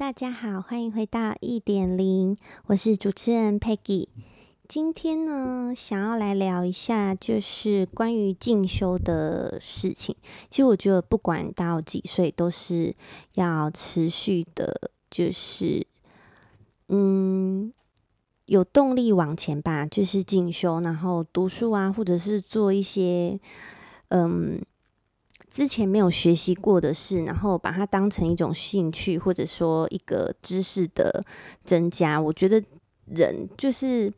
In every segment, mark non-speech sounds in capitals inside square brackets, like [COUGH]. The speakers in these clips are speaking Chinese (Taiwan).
大家好，歡迎回到一點零，我是主持人 Peggy。今天呢，想要來聊一下，就是關於進修的事情。其實我覺得，不管到幾歲，都是要持續的，就是嗯，有動力往前吧，就是進修，然後讀書啊，或者是做一些嗯。之前沒有學習過的事，然後把它當成一種興趣，或者說一個知識的增加，我覺得人就是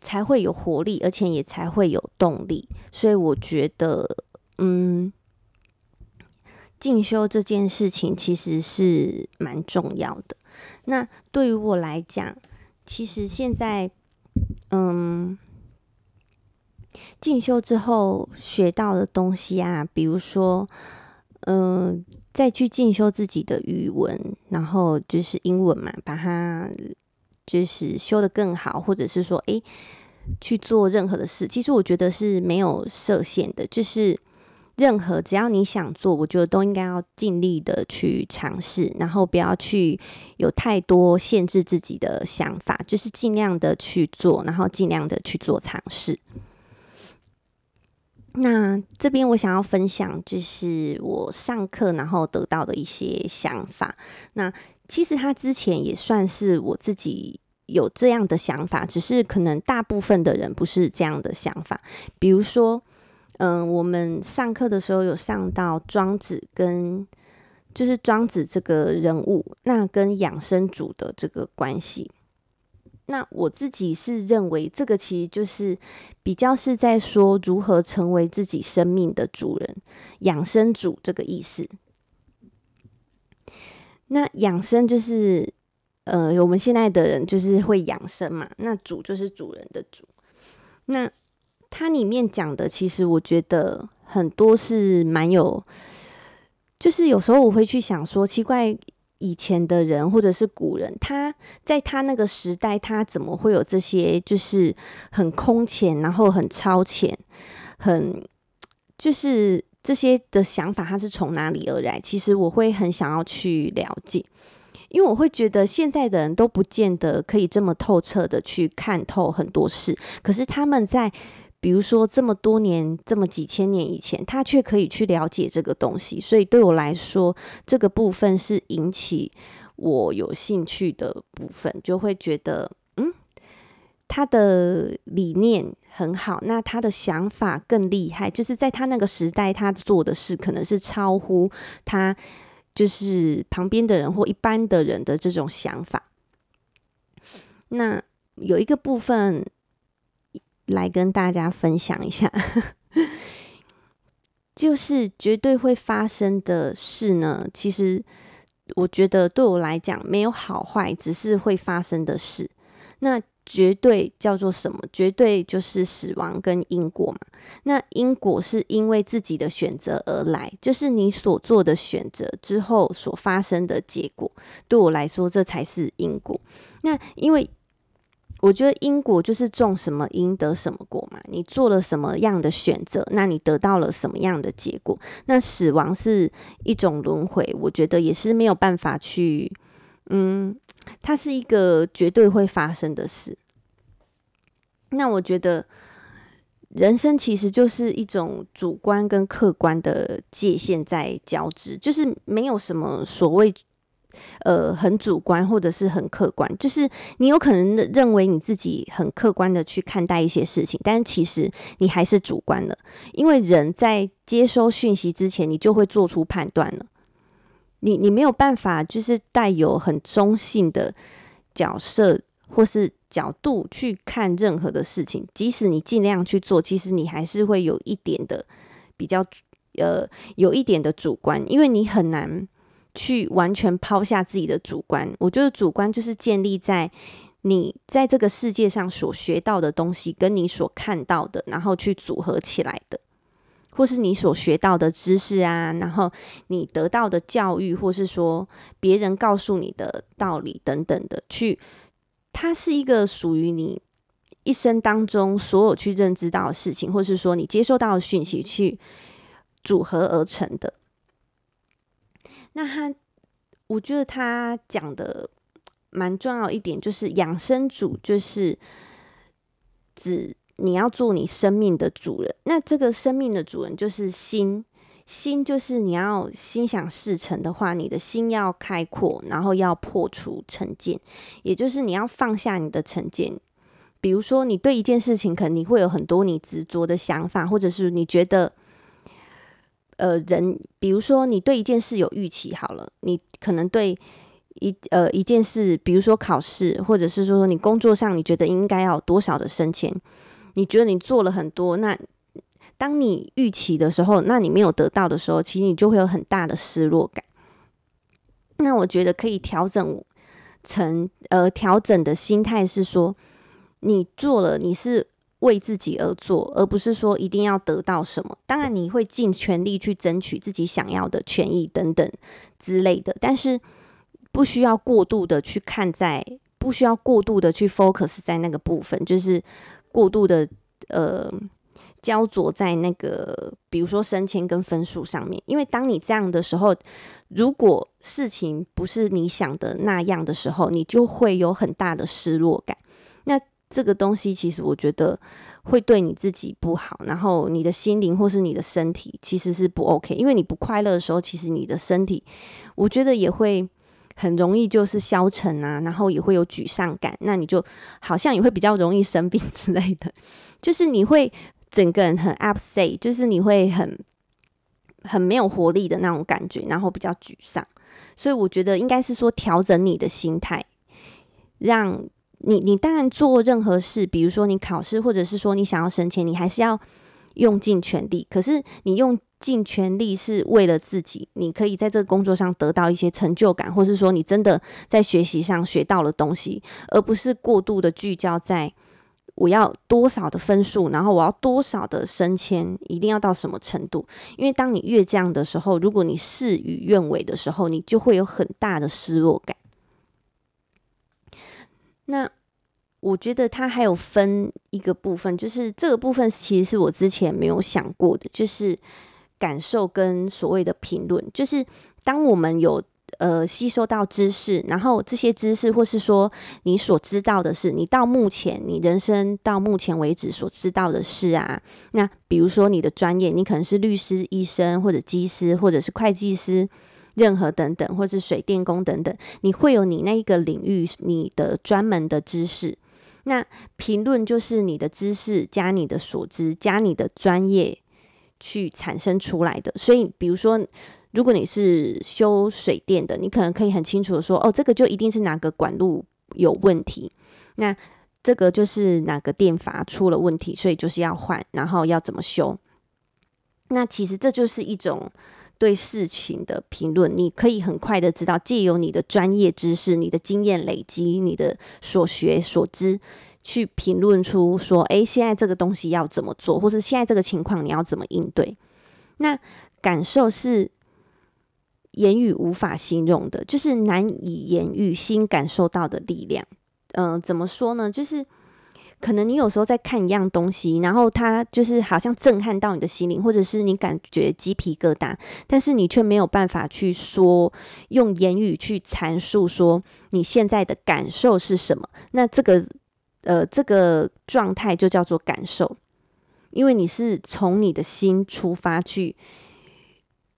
才會有活力，而且也才會有動力。所以我覺得，嗯，進修這件事情其實是蠻重要的。那對於我來講，其實現在，嗯，進修之後學到的東西啊，比如說，嗯、呃，再去進修自己的語文，然後就是英文嘛，把它就是修得更好，或者是說，誒、欸，去做任何的事，其實我覺得是沒有設限的，就是任何只要你想做，我覺得都應該要盡力的去嘗試，然後不要去有太多限制自己的想法，就是盡量的去做，然後盡量的去做嘗試。那這邊我想要分享，就是我上課然後得到的一些想法。那其實他之前也算是我自己有這樣的想法，只是可能大部分的人不是這樣的想法。比如說，嗯、呃，我們上課的時候有上到莊子跟就是莊子這個人物，那跟養生主的這個關係。那我自己是認為，這個其實就是比較是在說如何成為自己生命的主人，養生主這個意思。那養生就是，呃，我們現在的人就是會養生嘛。那主就是主人的主。那它裡面講的，其實我覺得很多是蠻有，就是有時候我會去想說，奇怪。以前的人，或者是古人，他在他那個時代，他怎麼會有這些，就是很空前，然後很超前，很就是這些的想法，他是從哪裡而來？其實我會很想要去了解，因為我會覺得現在的人都不見得可以這麼透徹的去看透很多事，可是他們在。比如說，這麼多年，這麼幾千年以前，他卻可以去了解這個東西，所以對我來說，這個部分是引起我有興趣的部分，就會覺得，嗯，他的理念很好，那他的想法更厲害，就是在他那個時代，他做的事可能是超乎他就是旁邊的人或一般的人的這種想法。那有一個部分。來跟大家分享一下， [LAUGHS] 就是絕對會發生的事呢。其實我覺得對我來講沒有好壞，只是會發生的事。那絕對叫做什麼？絕對就是死亡跟因果嘛。那因果是因為自己的選擇而來，就是你所做的選擇之後所發生的結果。對我來說，這才是因果。那因為我覺得因果就是種什麼因得什麼果嘛，你做了什麼樣的選擇，那你得到了什麼樣的結果。那死亡是一種輪迴，我覺得也是沒有辦法去，嗯，它是一個絕對會發生的事。那我覺得人生其實就是一種主觀跟客觀的界限在交織，就是沒有什麼所謂。呃，很主觀或者是很客觀，就是你有可能認為你自己很客觀的去看待一些事情，但是其實你還是主觀的，因為人在接收訊息之前，你就會做出判斷了。你你沒有辦法，就是帶有很中性的角色或是角度去看任何的事情，即使你盡量去做，其實你還是會有一點的比較呃，有一點的主觀，因為你很難。去完全拋下自己的主觀，我覺得主觀就是建立在你在這個世界上所學到的東西，跟你所看到的，然後去組合起來的，或是你所學到的知識啊，然後你得到的教育，或是說別人告訴你的道理等等的，去它是一個屬於你一生當中所有去認知到的事情，或是說你接收到的訊息去組合而成的。那他，我覺得他講的蠻重要一點，就是養生主就是，指你要做你生命的主人。那這個生命的主人就是心，心就是你要心想事成的話，你的心要開闊，然後要破除成見，也就是你要放下你的成見。比如說，你對一件事情，可能你會有很多你執着的想法，或者是你覺得。呃，人比如說你對一件事有預期，好了，你可能對一呃一件事，比如說考試，或者是說你工作上，你覺得應該要多少的升遷，你覺得你做了很多，那當你預期的時候，那你沒有得到的時候，其實你就會有很大的失落感。那我覺得可以調整成呃調整的心態是說，你做了你是。為自己而做，而不是說一定要得到什麼。當然，你會盡全力去爭取自己想要的權益等等之類的，但是不需要過度的去看在，在不需要過度的去 focus 在那個部分，就是過度的呃焦灼在那個，比如說升遷跟分數上面。因為當你這樣的時候，如果事情不是你想的那樣的時候，你就會有很大的失落感。這個東西其實我覺得會對你自己不好，然後你的心靈或是你的身體其實是不 OK，因為你不快樂的時候，其實你的身體我覺得也會很容易就是消沉啊，然後也會有沮喪感，那你就好像也會比較容易生病之類的，就是你會整個人很 upset，就是你會很很沒有活力的那種感覺，然後比較沮喪，所以我覺得應該是說調整你的心態，讓，你你當然做任何事，比如說你考試，或者是說你想要升遷，你還是要用盡全力。可是你用盡全力是為了自己，你可以在這個工作上得到一些成就感，或是說你真的在學習上學到了東西，而不是過度的聚焦在我要多少的分數，然後我要多少的升遷，一定要到什麼程度。因為當你越這樣的時候，如果你事與願違的時候，你就會有很大的失落感。那我覺得它還有分一個部分，就是這個部分其實是我之前沒有想過的，就是感受跟所謂的評論。就是當我們有呃吸收到知識，然後這些知識或是說你所知道的事，你到目前，你人生到目前為止所知道的事啊，那比如說你的專業，你可能是律師、醫生或者技師，或者是會計師。任何等等，或是水電工等等，你會有你那一個領域你的專門的知識。那評論就是你的知識加你的所知加你的專業去產生出來的。所以，比如說，如果你是修水電的，你可能可以很清楚的說：“哦，這個就一定是哪個管路有問題，那這個就是哪個電閥出了問題，所以就是要換，然後要怎麼修。”那其實這就是一種。對事情的評論，你可以很快的知道，借由你的專業知識、你的經驗累積、你的所學所知，去評論出說：誒，現在這個東西要怎麼做，或者現在這個情況你要怎麼應對？那感受是言語無法形容的，就是難以言喻，心感受到的力量。嗯、呃，怎麼說呢？就是。可能你有時候在看一樣東西，然後它就是好像震撼到你的心靈，或者是你感覺雞皮疙瘩，但是你卻沒有辦法去說用言語去闡述說你現在的感受是什麼？那這個呃，這個狀態就叫做感受，因為你是從你的心出發去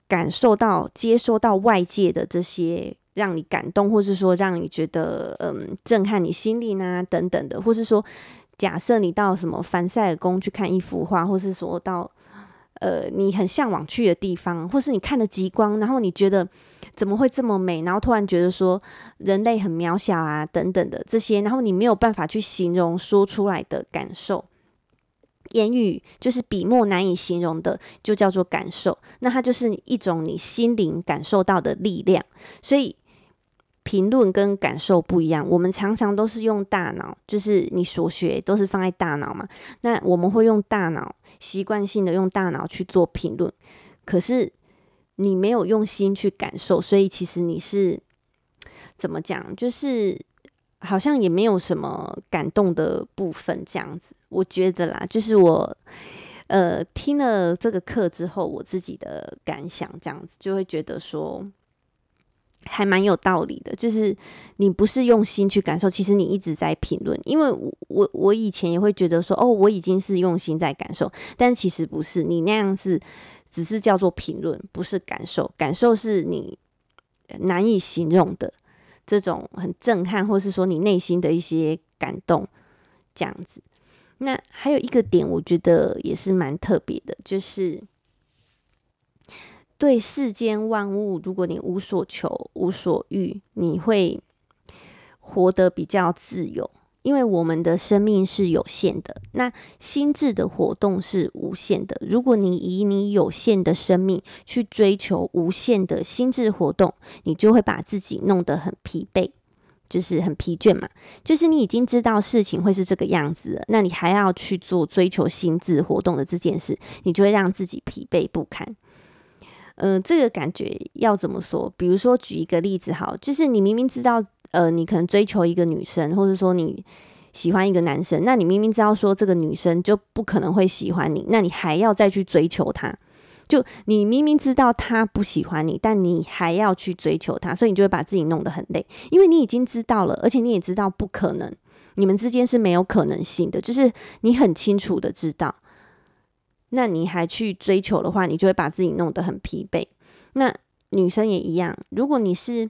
感受到、接收到外界的這些讓你感動，或是說讓你覺得嗯、呃、震撼你心靈呢、啊、等等的，或是說。假設你到什麼凡爾賽宮去看一幅畫，或是說到呃你很嚮往去的地方，或是你看了極光，然後你覺得怎麼會這麼美？然後突然覺得說人類很渺小啊，等等的這些，然後你沒有辦法去形容說出來的感受，言語就是筆墨難以形容的，就叫做感受。那它就是一種你心靈感受到的力量，所以。評論跟感受不一樣，我們常常都是用大腦，就是你所學都是放在大腦嘛。那我們會用大腦，習慣性的用大腦去做評論，可是你沒有用心去感受，所以其實你是怎麼講，就是好像也沒有什麼感動的部分這樣子。我覺得啦，就是我呃聽了這個課之後，我自己的感想這樣子，就會覺得說。還蠻有道理的，就是你不是用心去感受，其實你一直在評論。因為我，我，我以前也會覺得說，哦，我已經是用心在感受，但其實不是，你那樣子只是叫做評論，不是感受。感受是你難以形容的，這種很震撼，或是說你內心的一些感動，這樣子。那還有一個點，我覺得也是蠻特別的，就是。對世間萬物，如果你無所求、無所欲，你會活得比較自由。因為我們的生命是有限的，那心智的活動是無限的。如果你以你有限的生命去追求無限的心智活動，你就會把自己弄得很疲憊，就是很疲倦嘛。就是你已經知道事情會是這個樣子了，那你還要去做追求心智活動的這件事，你就會讓自己疲憊不堪。嗯、呃，這個感覺要怎麼說？比如說，舉一個例子好，就是你明明知道，呃，你可能追求一個女生，或者說你喜歡一個男生，那你明明知道說這個女生就不可能會喜歡你，那你還要再去追求她，就你明明知道她不喜歡你，但你還要去追求她，所以你就會把自己弄得很累，因為你已經知道了，而且你也知道不可能，你們之間是沒有可能性的，就是你很清楚的知道。那你還去追求的話，你就會把自己弄得很疲憊。那女生也一樣，如果你是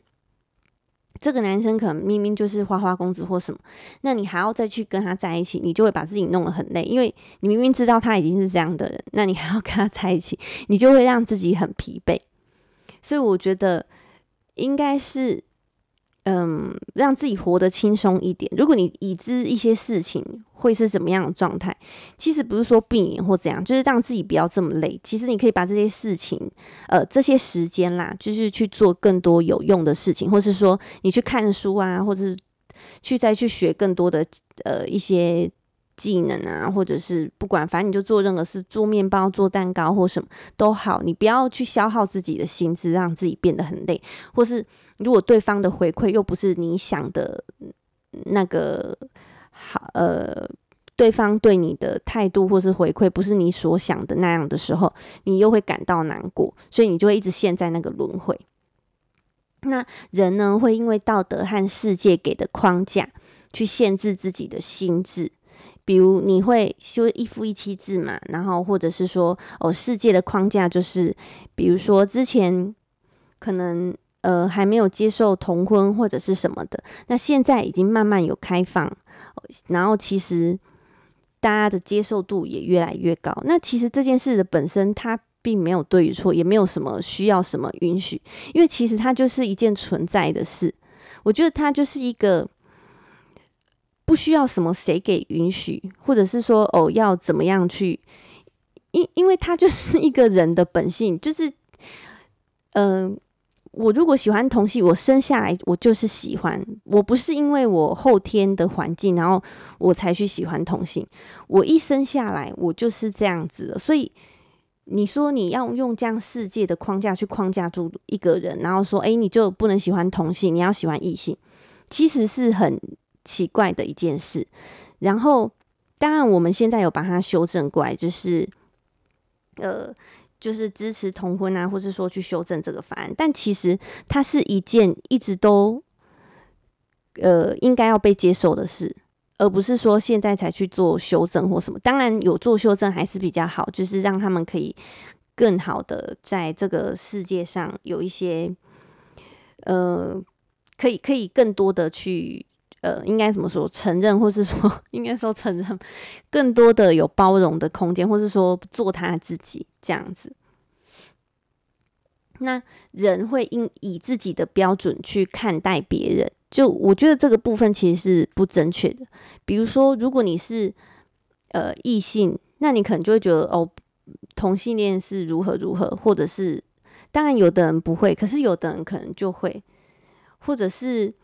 這個男生，可能明明就是花花公子或什麼，那你還要再去跟他在一起，你就會把自己弄得很累，因為你明明知道他已經是這樣的人，那你還要跟他在一起，你就會讓自己很疲憊。所以我覺得應該是。嗯，讓自己活得輕鬆一點。如果你已知一些事情會是什麼樣的狀態，其實不是說避免或怎樣，就是讓自己不要這麼累。其實你可以把這些事情，呃，這些時間啦，就是去做更多有用的事情，或是說你去看書啊，或者是去再去學更多的呃一些。技能啊，或者是不管，反正你就做任何事，做麵包、做蛋糕或什麼都好，你不要去消耗自己的心智，讓自己變得很累。或是如果對方的回饋又不是你想的那個好，呃，對方對你的態度或是回饋不是你所想的那樣的時候，你又會感到難過，所以你就會一直陷在那個輪迴。那人呢，會因為道德和世界給的框架去限制自己的心智。比如你會修一夫一妻制嘛？然後或者是說，哦，世界的框架就是，比如說之前可能呃還沒有接受同婚或者是什麼的，那現在已經慢慢有開放，哦，然後其實大家的接受度也越來越高。那其實這件事的本身它並沒有對與錯，也沒有什麼需要什麼允許，因為其實它就是一件存在的事。我覺得它就是一個。不需要什麼誰給允許，或者是說哦要怎麼樣去因，因因為他就是一個人的本性，就是，嗯，我如果喜歡同性，我生下來我就是喜歡，我不是因為我後天的環境，然後我才去喜歡同性，我一生下來我就是這樣子的，所以你說你要用這樣世界的框架去框架住一個人，然後說誒，你就不能喜歡同性，你要喜歡異性，其實是很。奇怪的一件事，然後當然我們現在有把它修正過來，就是呃，就是支持同婚啊，或者說去修正這個法案。但其實它是一件一直都呃應該要被接受的事，而不是說現在才去做修正或什麼。當然有做修正還是比較好，就是讓他們可以更好的在這個世界上有一些呃，可以可以更多的去。呃，應該怎麼說？承認，或是說應該說承認更多的有包容的空間，或是說做他自己這樣子。那人會應以自己的標準去看待別人，就我覺得這個部分其實是不正確的。比如說，如果你是呃異性，那你可能就會覺得哦，同性戀是如何如何，或者是當然有的人不會，可是有的人可能就會，或者是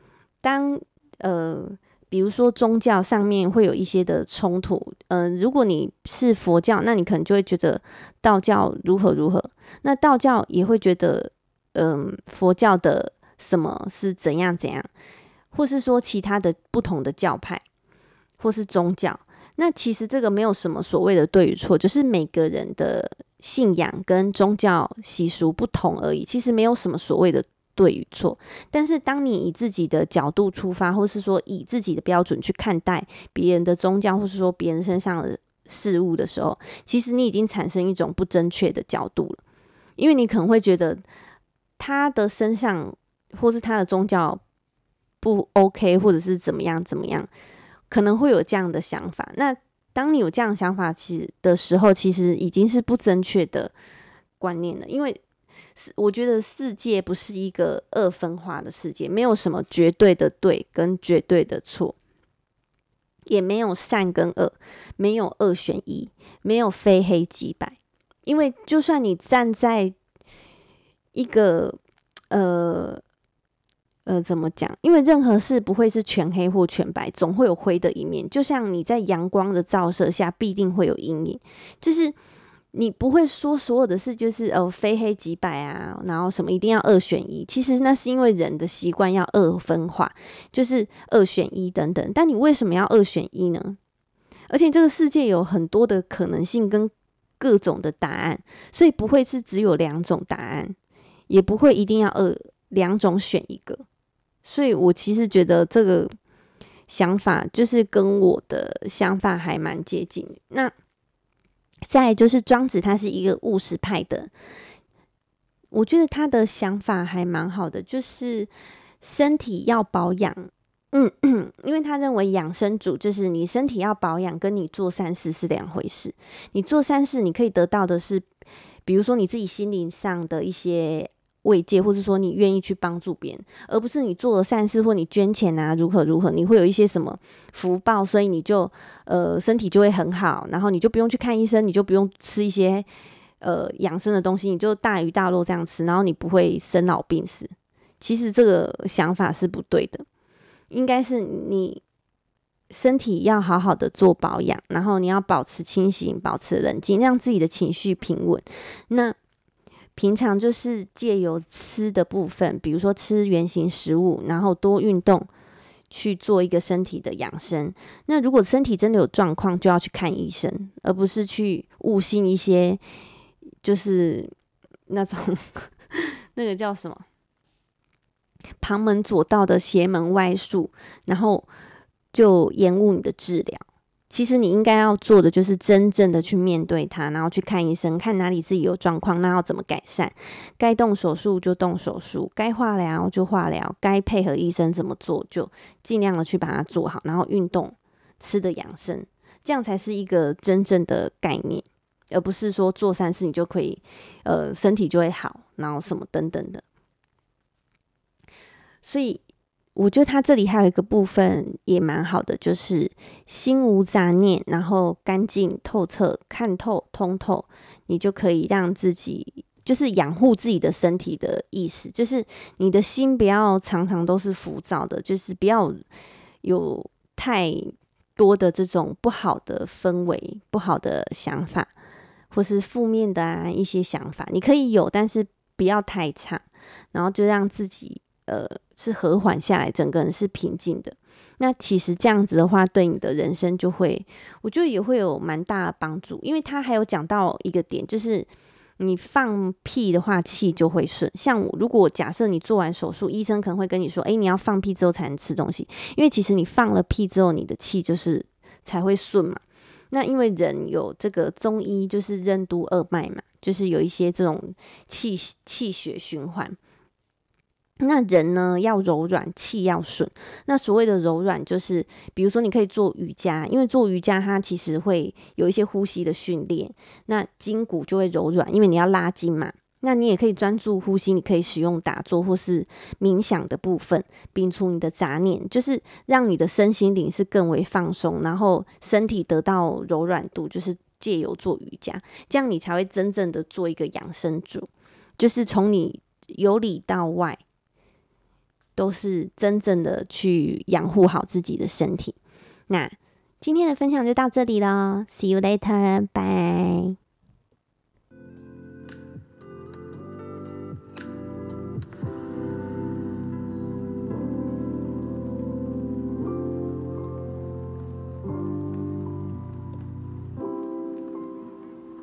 當。呃，比如說宗教上面會有一些的衝突。嗯、呃，如果你是佛教，那你可能就會覺得道教如何如何；那道教也會覺得，嗯、呃，佛教的什麼是怎樣怎樣，或是說其他的不同的教派或是宗教。那其實這個沒有什麼所謂的對與錯，就是每個人的信仰跟宗教習俗不同而已。其實沒有什麼所謂的。對與錯，但是當你以自己的角度出發，或是說以自己的標準去看待別人的宗教，或是說別人身上的事物的時候，其實你已經產生一種不正確的角度了，因為你可能會覺得他的身上或是他的宗教不 OK，或者是怎麼樣怎麼樣，可能會有這樣的想法。那當你有這樣的想法其實的時候，其實已經是不正確的觀念了，因為。我覺得世界不是一個二分化的世界，沒有什麼絕對的對跟絕對的錯，也沒有善跟惡，沒有二選一，沒有非黑即白。因為就算你站在一個呃呃怎麼講？因為任何事不會是全黑或全白，總會有灰的一面。就像你在陽光的照射下，必定會有陰影，就是。你不會說所有的事就是呃、哦、非黑即白啊，然後什麼一定要二選一。其實那是因為人的習慣要二分化，就是二選一等等。但你為什麼要二選一呢？而且這個世界有很多的可能性跟各種的答案，所以不會是只有兩種答案，也不會一定要二兩種選一個。所以我其實覺得這個想法就是跟我的想法還蠻接近。那。再來就是莊子，他是一個務實派的。我覺得他的想法還蠻好的，就是身體要保養，嗯，嗯， [COUGHS] 因為他認為養生主就是你身體要保養，跟你做善事是兩回事。你做善事，你可以得到的是，比如說你自己心靈上的一些。慰藉，或是說你願意去幫助別人，而不是你做了善事或你捐錢啊，如何如何，你會有一些什麼福報，所以你就呃身體就會很好，然後你就不用去看醫生，你就不用吃一些呃養生的東西，你就大魚大肉這樣吃，然後你不會生老病死。其實這個想法是不對的，應該是你身體要好好的做保養，然後你要保持清醒，保持冷靜，讓自己的情緒平穩。那平常就是借由吃的部分，比如說吃原型食物，然後多運動，去做一個身體的養生。那如果身體真的有狀況，就要去看醫生，而不是去誤信一些，就是那種 [LAUGHS] 那個叫什麼旁門左道的邪門歪術，然後就延誤你的治療。其實你應該要做的就是真正的去面對它，然後去看醫生，看哪裡自己有狀況，那要怎麼改善？該動手術就動手術，該化療就化療，該配合醫生怎麼做就盡量的去把它做好，然後運動、吃的養生，這樣才是一個真正的概念，而不是說做善事你就可以，呃，身體就會好，然後什麼等等的。所以。我覺得他這裡還有一個部分也蠻好的，就是心無雜念，然後乾淨透徹，看透通透，你就可以讓自己就是養護自己的身體的意思，就是你的心不要常常都是浮躁的，就是不要有太多的這種不好的氛圍、不好的想法，或是負面的啊一些想法，你可以有，但是不要太差，然後就讓自己。呃，是和緩下來，整個人是平靜的。那其實這樣子的話，對你的人生就會，我覺得也會有蠻大的幫助。因為他還有講到一個點，就是你放屁的話，氣就會順。像我如果假設你做完手術，醫生可能會跟你說，哎、欸，你要放屁之後才能吃東西，因為其實你放了屁之後，你的氣就是才會順嘛。那因為人有這個中醫就是任督二脈嘛，就是有一些這種氣氣血循環。那人呢要柔軟，氣要順。那所謂的柔軟，就是比如說你可以做瑜伽，因為做瑜伽它其實會有一些呼吸的訓練，那筋骨就會柔軟，因為你要拉筋嘛。那你也可以專注呼吸，你可以使用打坐或是冥想的部分，摒除你的雜念，就是讓你的身心靈是更為放鬆，然後身體得到柔軟度，就是借由做瑜伽，這樣你才會真正的做一個養生主，就是從你由裡到外。都是真正的去養護好自己的身體。那今天的分享就到這裡嘍，see you later，拜。